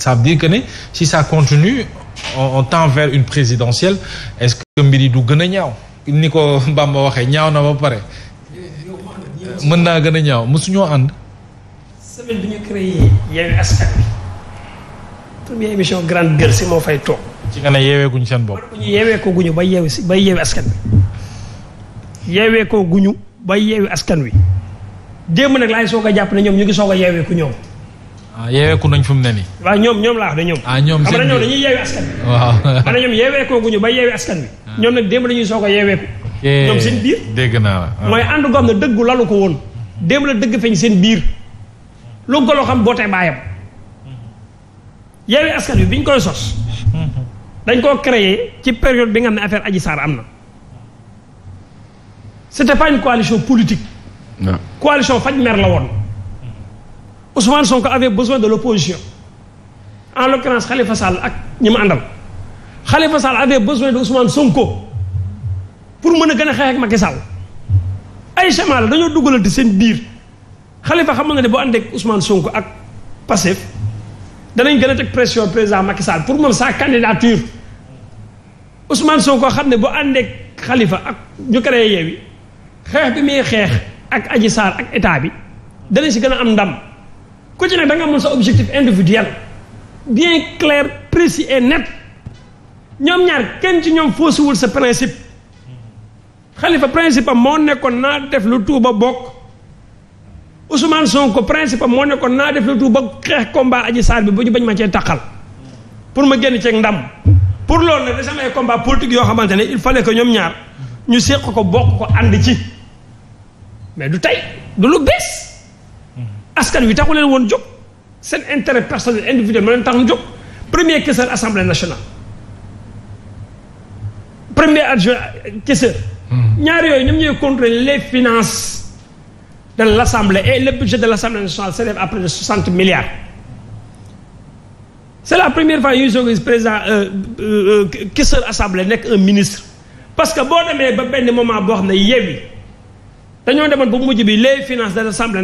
ça veut dire que ne si sa continue on, on tend vers une présidentielle est-ce que mbir yi du gën a ñaaw ni ko Bamba waxee ñaaw na ba pare mën naa gën a ñaaw mosuñoo ànd semaine bi ñu créé Yewwi Askan ci nga ne seen bopp yeewee ko guñu ba yeewi si ba yeewi askan wi yeewee ko guñu ba yeewi askan wi démb nag laay soog a jàpp na ñoom ñu ngi soog a yeewee ku ñoom ah yeeweeku nañ fu mu ne nii. waaw ñoom ñoom laa wax de ñoom. ah ñoom seen biir xam nga dañuy yeewee askan bi. ñu ba yeewee askan bi. Ah. ñoom nag démb dañuy soog a dégg naa la. Ah. mooy ànd goo xam dëggu lalu ko woon. démb la dëgg feeñ seen biir. lu golo xam bootee baayam. yeewee askan bi biñ koy sos. dañ koo créer ci période bi nga xam ne affaire Adji Sarr am na. c'était pas une coalition politique. coalition faj mer la woon. Ousmane Sonko avait besoin de l'opposition en l'occurrence Khalifa Sall ak ñi ma àndal Khalifa Sall avait besoin de Ousmane Sonko pour mën a gën a xeex ak Macky Sall ay chemin la dañoo dugalante seen biir xalifa xam na ne boo àndee ak Ousmane Sonko ak Pastef danañ gën a teg pression président Macky Sall pour moom sa candidature Ousmane Sonko xam ne boo àndeek xalifa ak ñu créé xeex bi muy xeex ak Adji Sarr ak état bi danañ si gën a am ndam. ku ci ne da nga sa objectif individuel bien clair précis et net ñoom ñaar kenn ci ñoom faussiwul sa principe xalifa principe am moo nekkoon naa def lu ba bokk Ousmane Sonko principe am moo nekkoon naa def lu tuuba xeex combat aji saar bi ba ñu bañ ma cee taqal pour ma génn ceeg ndam pour loolu nag dafa am ay combat politique yoo xamante ne il fallait que ñoom ñaar ñu séq ko bokk ko ànd ci mais du tey du lu bees askan wi taxu leen woon jóg seen intérêt personnel individuel ma leen taxoon jóg premier questeur assemblée nationale premier adjoint questeur hmm. ñaar yooyu ñoom ñooy contrôler les finance de l' assemblée et le budget de l' assemblée nationale s'élève à près de soixante milliards c' est la première fois yuy soog gis président euh, euh, euh, questeur assemblée nekk un ministre parce que boo demee ba benn moment boo xam ne Yewwi dañoo demoon ba mujj bi les finance de l' assemblée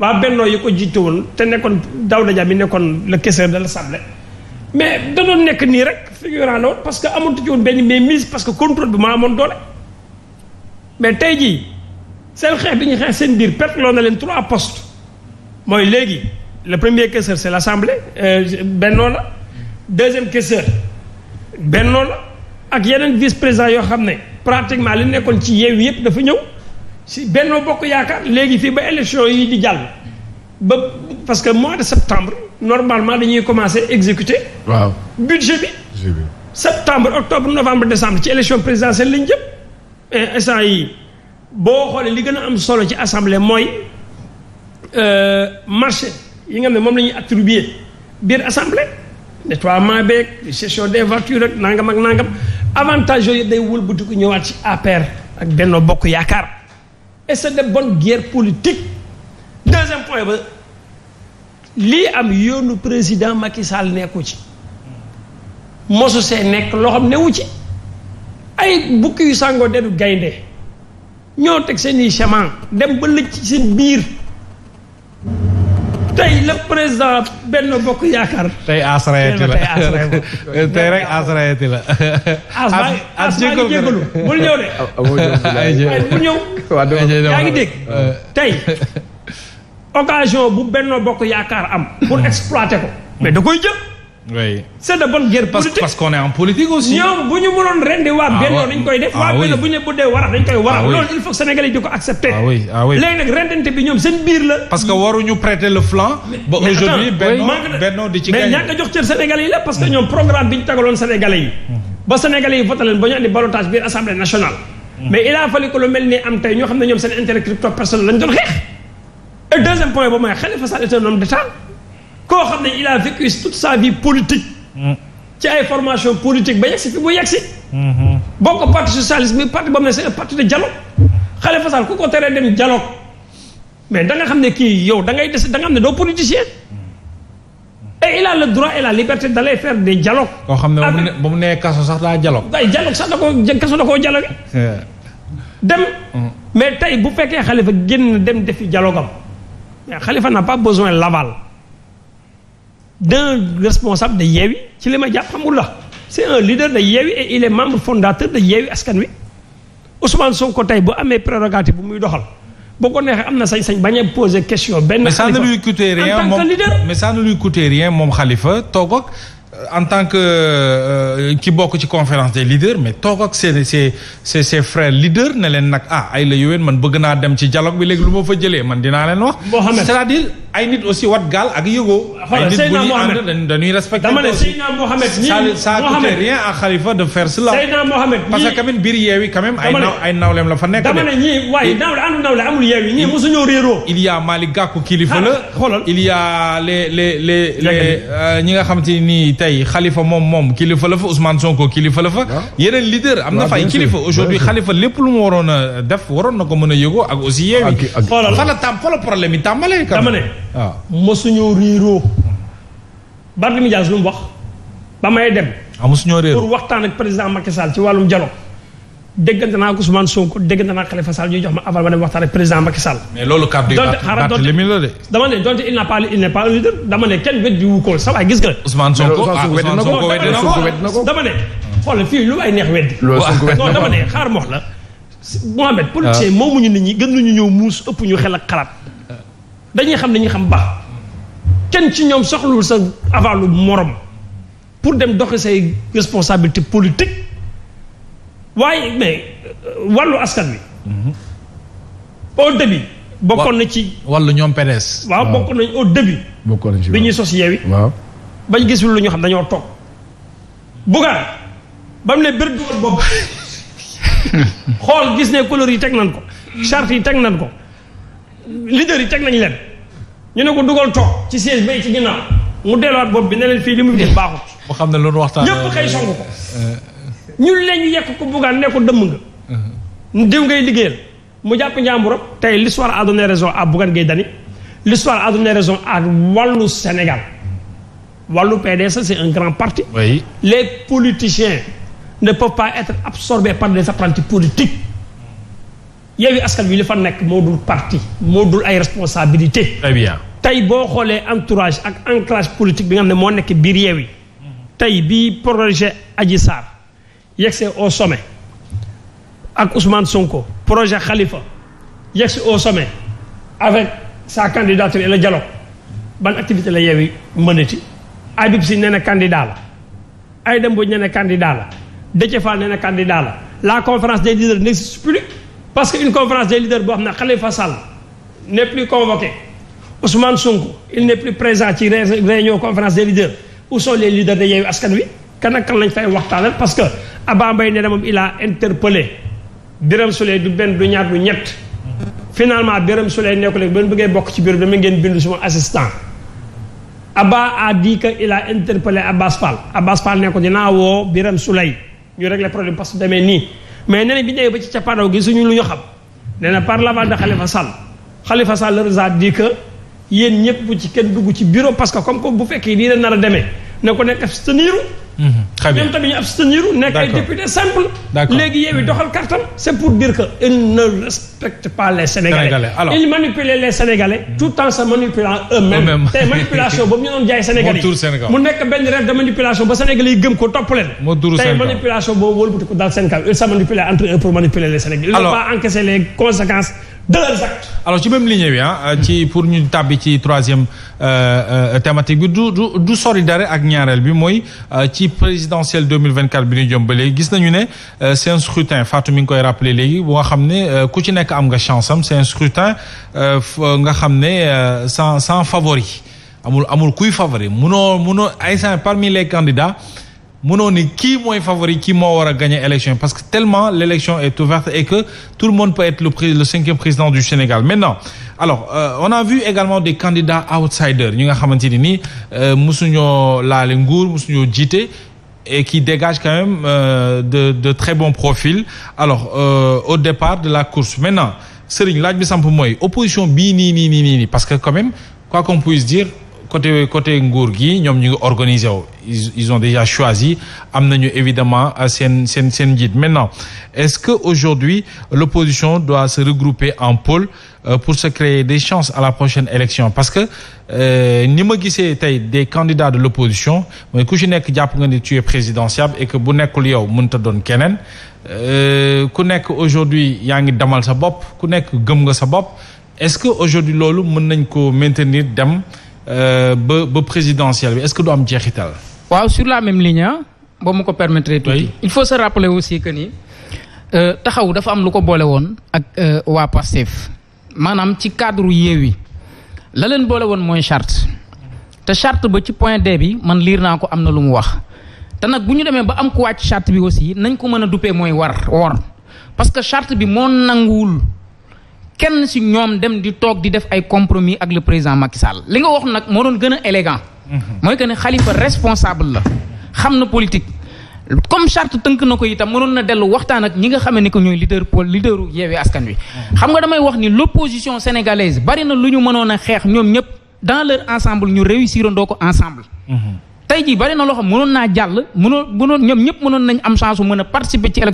waa bennoo yi ko jiite woon te nekkoon Daouda Dia bi nekkoon le caissier de l'Assemblée mais da doon nekk nii rek figurant la woon parce que amatu ci woon benn mais mise parce que contrôle bi maa amoon doole mais tey jii seen xeex bi ñu xeex seen biir perte na leen trois postes mooy léegi le premier caissier c'est l'Assemblée euh, bennoo la deuxième caissier bennoo la ak yeneen vice président yoo xam ne pratiquement li nekkoon ci yeew yëpp dafa ñëw si Benno Bokk Yaakaar léegi fii ba élection yi di jàll ba parce que mois de septembre normalement dañuy commencer exécuter waaw budget bi septembre octobre novembre décembre ci élection présidentielle lañ jëm instant yi boo xoolee li gën a am solo ci assemblée mooy euh, marché yi nga xam ne moom lañuy ñuy attribuer biir assemblée nettoiement beeg gestion des de rek nangam ak nangam avantage yooyu day wëlbatiku ñëwaat ci APR ak Benno Bokk Yaakaar et c'est bon bonne guerre politique deuxième point ba lii am yoonu président Macky Sall nekku ci mosu see nekk loo xam newu ci ay bukki yu sàngoo dedu gaynde ñoo teg seen i chemin dem ba lëj ci seen biir tey le président Benno Bokk Yaakaar. tey asraeti la tey rek asraeti la. as maa ngi jégalu bul ñëw de. bul ñëw. yaa ngi dégg tey occasion bu benn Bokk Yaakaar am. pour exploiter ko mais da koy jël. oui c'est de bonne guerre parce qu'on est en politique aussi. bu ñu mënoon rendi waa ah benn dañ koy def. Ah waa benn bu ñu buddee warax ah il faut que di ko accepter. ah oui ah bi ñoom seen biir la. parce que waruñu prêter le flanc. ba aujourd'hui benno di ci gagné. parce que ñoom programme bi ñu tagaloon sénégalais yi. ba sénégalais yi voté ba ñu andi ballottage mais il a fallu que lu mel ni am tey ñoo xam ne ñoom seen intérêt crypto personnel lañ doon xeex. koo xam ne il a vécu sa vie politique. Mm. ci ay formation politique ba yegsi fi mu yegsi. Mm-hmm. boo ko parti socialiste bi parti ba mu ne c'est parti de dialogue. Khalifa Sall ku ko teree dem dialogue mais da xam ne kii yow da ngay des da nga xam ne doo politicien. et il a le droit et la liberté d'aller koo xam ne ba nee kaso sax daa dialogue. waaye dialogue sax da koo kaso da koo dialogue. dem. Mm. mais tey bu fekkee Khalifa génn dem defi dialogue xalifa mais n'a pas besoin l'aval. d'un responsable de Yewwi ci li ma jàpp xamul la c'est un leader de Yewwi et il est membre fondateur de Yewwi Askan Wi Ousmane Sonko tey bu amee prérogative bu muy doxal boo ko neexee am na sañ-sañ bañ a poser question benn. mais ça ne lui coûte moom xalifa ça Euh, en tant que euh, euh, ki bokk ci conférence des leaders mais toog ak seen ses ses ses frères leaders ah ay la yoween man bëgg naa dem ci dialogue bi léegi lu ma fa jëlee man dinaa leen wax. c'est-à-dire ay nit aussi wat gaal ak yëgoo. ay nit bu ñuy ànd dañuy respecté. dama ne Seydina Mohamed ñii rien à Khalifa de faire cela. Seydina parce que tamit biir Yewwi quand ay nawleem la fa nekk de. dama ne ñii waaye nawle ànd nawle amul Yewwi ñii mosuñoo réeroo. il y a Malick Gakou la. Ah, xoolal il tey xalifa moom moom kilifa la fa Ousmane Sonko kilifa la fa. Ah. yeneen leader am na ah, fay kilifa aujourd'hui xalifa lépp lu mu waroon def waroon na ko mën a yëgoo ak aussi yeewi. ak ak xoolal fa la tam fa la yi tàmbalee. dama ne waaw ah. mosuñu riiroo. Barthélémy Dias lu mu wax ba may dem. a réer pour waxtaan ak président Macky ci wàllum dialogue. déggante naa Ousmane Sonko déggante naa Khalifa Sall ñu jox ma aval ma dem waxtaan ak président Macky Sall. mais loolu cap de Barthélémy la dama ne dama ne kenn wet wu ko sa waay gis nga. Ah, Ousmane Sonko na ko dama ne. xoolal fii lu waay neex weddi. loolu Sonko na ko non dama ne xaar moox la. Mohamed politicien ah. moomuñu nit ñi gën ñu ñëw muus ëpp ñu xel ak xalaat dañuy xam dañuy xam ba kenn ci ñoom soxlul sa avalu morom pour dem doxi say responsabilité politique waaye mais euh, wàllu askan wi. au début. bokkoon na ci. wàllu ñoom PDS. waaw bokkoon nañ au début. bokkoon nañ ci bi ñuy sos Yewwi. waaw bañ gisul lu ñu xam dañoo toog. Bougane ba mu ne bëri dugal bopp xool gis ne couleur yi teg nañ ko. charte yi teg nañ ko. leader yi teg nañ leen. ñu ne ko dugal toog ci siège bay ci ginnaaw mu delluwaat bopp bi ne leen fii li mu def baaxut. boo xam ne loolu waxtaan ñëpp xëy song ko. Euh, ñun lañu yekk ko buggaan ne ko dëmm nga diw ngay liggéeyal mu jàpp njàmburam tey l'histoire a donné raison à Bougane Gueye Dany l'histoire a donné raison à wàllu Sénégal wàllu PDS c'est un grand parti les politiciens ne peuvent pas être absorbés par des apprentis politiques Yewwi Askan Wi li fa nekk moo dul parti moo dul ay responsabilité très tey boo xoolee entourage ak ancrage politique bi nga xam ne moo nekk biir yi tey bii projet aji Sarr yegsee au sommet ak Ousmane Sonko projet Khalifa yegsee au sommet avec sa candidature et le dialogue ban activité la Yewwi mënati Habib Sy nee na candidat la Aïda Mbodj nee na candidat la Déthié Fall nee na candidat la la conférence des leaders n'existe plus parce que une conférence des leaders boo xam ne Khalifa Sall n'est plus convoqué Ousmane Sonko il n'est plus présent ci réunion conférence des leaders où sont les leaders de Yewwi Askan Wi kan kan lañ fay waxtaanal parce que Abba Mbaye nee na moom il a interpellé Birame du benn du ñaar du ñett finalement Birame Souleye nekku léegi ba leen bëggee bokk ci bureau dama ngeen bindu suma assistant Abba a dit que il a interpellé Abbas Fall Abbas Fall ne ko dinaa woo Birame Souleye ñu régler problème parce que demee nii mais nee na bi ñu ba ci cappaandaw gi suñu lu ñu xam nee na par l'avant de Khalifa Sall Khalifa Sall le a dit que yéen ñëpp bu ci kenn dugg ci bureau parce que comme comme bu fekkee lii la nar a demee ne Mhm. ñoom tamit ñu abstenir nekk ay député simple léegi Yewwi mhm. doxal kartam c' est pour dire que ils ne respectent pas les sénégalais, sénégalais. Alors, ils manipulent les sénégalais tout en se manipulant eux-mêmes te manipulation boobu ñu doon jaay sénégalais yi mu nekk benn rêve de manipulation ba sénégalais yi gëm ko topp leen tey manipulation boobu wëlbati ko daal seen kaw ils se manipulent entre eux pour manipuler les sénégalais ils n'ont pas encaissé les conséquences de leurs actes. alors ci même lignée bi ah, euh, ci pour ñu tàbbi ci troisième euh, euh, thématique bi du du du sori dara ak ñaareel bi mooy ci présidentielle 2024 bi ñu jëm ba léegi gis nañu ne c'est un scrutin Fatou mi ngi koy rappelé léegi bu nga xam ne ku ci nekk am nga chance am c'est un scrutin nga xam ne sans sans favori amul amul kuy favori munoo munoo ay parmi les candidats. mënoo ni kii mooy favori kii moo war a gagner élection parce que tellement l'élection est ouverte et que tout le monde peut être le le cinquième président du Sénégal maintenant alors euh, a vu également des candidats outsiders ñi nga xamante ni nii euh, mosuñoo laale nguur mosuñoo jiite et qui dégage quand même euh, de de très bons profils alors euh, au départ de la course maintenant Serigne laaj bi samp mooy opposition bii nii nii nii nii parce que quand même quoi qu'on puisse dire côté côté nguur gi ñoom ñu ngi organisé wu ils ont déjà choisi am nañu évidemment euh, seen seen seen njiit maintenant est-ce que aujourd'hui l'opposition doit se regrouper en pôle euh, pour se créer des chances à la prochaine élection parce que euh, ni ma gisee tey des candidats de l'opposition mooy ku ci nekk jàpp nga ni tu es présidentiable et que bu nekkul yow mënut a doon keneen ku nekk aujourd'hui yaa ngi demal sa bopp ku nekk gëm nga sa bopp est-ce que aujourd'hui loolu mën nañ ko maintenir dem Euh, ba ba présidentielle bi est-ce que du am jeexital. waaw sur la même ligne ah, boo ma ko permettre tuuti il faut se rappeler aussi que ni euh, taxaw dafa am lu ko boole woon ak euh, waa Pastef maanaam ci cadre Yewwi yi laleen boole woon mooy charte te charte ba ci point des bi man liir naa ko am na lu mu wax te nag bu ñu demee ba am ku wàcc chart bi aussi nañ ko mën a duppee mooy war wor parce que charte bi moo nanguwul kenn si ñoom dem di toog di def ay compromis ak le président Macky li nga wax nag moo doon gën a élégant mhm. mooy que ne Khalifa responsable la xam na politique comme charte tënk na ko itam mënoon na dellu waxtaan ak ñi nga xam ne que ñooy leader pôle leaderu yeewee askan wi. Mhm. xam nga damay wax ni l'opposition sénégalaise bari na lu ñu mënoon a xeex ñoom ñëpp dans leur ensemble ñu réussir andoo ko ensemble. Mhm. tey jii bari na loo xam mënoon naa jàll mënoon mënoon ñoom ñëpp mënoon nañ am chance su mën a participer ci